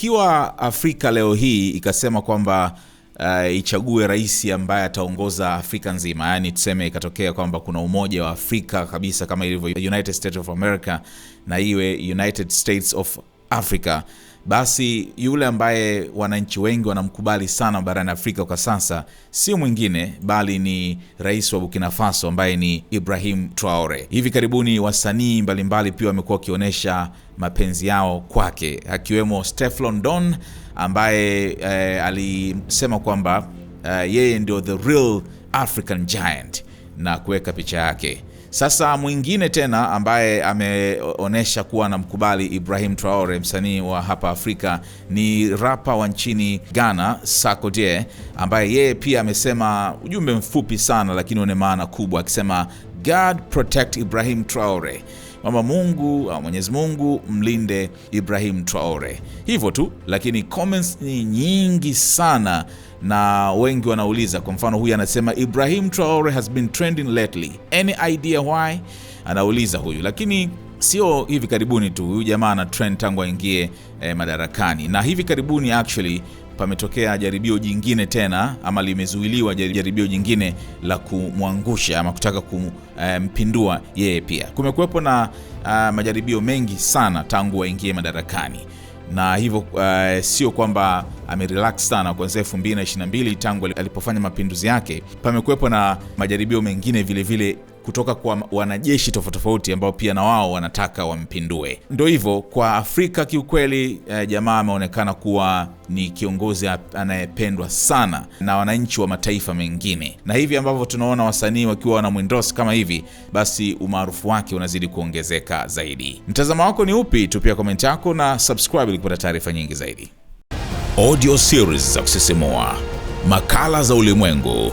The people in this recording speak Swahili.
ikiwa Afrika leo hii ikasema kwamba uh, ichague rais ambaye ataongoza Afrika nzima, yaani tuseme ikatokea kwamba kuna umoja wa Afrika kabisa kama ilivyo United States of America na iwe United States of Afrika, basi yule ambaye wananchi wengi wanamkubali sana barani Afrika kwa sasa si mwingine bali ni rais wa Burkina Faso ambaye ni Ibrahim Traore. Hivi karibuni wasanii mbalimbali pia wamekuwa wakionyesha mapenzi yao kwake, akiwemo Steflon Don ambaye eh, alisema kwamba eh, yeye ndio the real African giant na kuweka picha yake. Sasa mwingine tena ambaye ameonyesha kuwa anamkubali Ibrahim Traore, msanii wa hapa Afrika, ni rapa wa nchini Ghana Sako Die, ambaye yeye pia amesema ujumbe mfupi sana lakini une maana kubwa, akisema God protect Ibrahim Traore kwamba Mungu au Mwenyezi Mungu mlinde Ibrahim Traore. Hivyo tu, lakini comments ni nyingi sana na wengi wanauliza. Kwa mfano, huyu anasema Ibrahim Traore has been trending lately, any idea why? Anauliza huyu, lakini sio hivi karibuni tu. Huyu jamaa ana trend tangu aingie eh, madarakani, na hivi karibuni actually pametokea jaribio jingine tena ama limezuiliwa jaribio jingine la kumwangusha ama kutaka kumpindua eh, yeye. Pia kumekuwepo na uh, majaribio mengi sana tangu waingie madarakani na hivyo uh, sio kwamba amerelax sana kuanzia 2022 tangu alipofanya mapinduzi yake. Pamekuwepo na majaribio mengine vilevile vile kutoka kwa wanajeshi tofauti tofauti ambao pia na wao wanataka wampindue. Ndio hivyo kwa Afrika kiukweli, eh, jamaa ameonekana kuwa ni kiongozi anayependwa sana na wananchi wa mataifa mengine, na hivi ambavyo tunaona wasanii wakiwa wana mwindos kama hivi, basi umaarufu wake unazidi kuongezeka zaidi. Mtazamo wako ni upi? Tupia komenti yako na subscribe ili kupata taarifa nyingi zaidi, audio series za kusisimua, makala za ulimwengu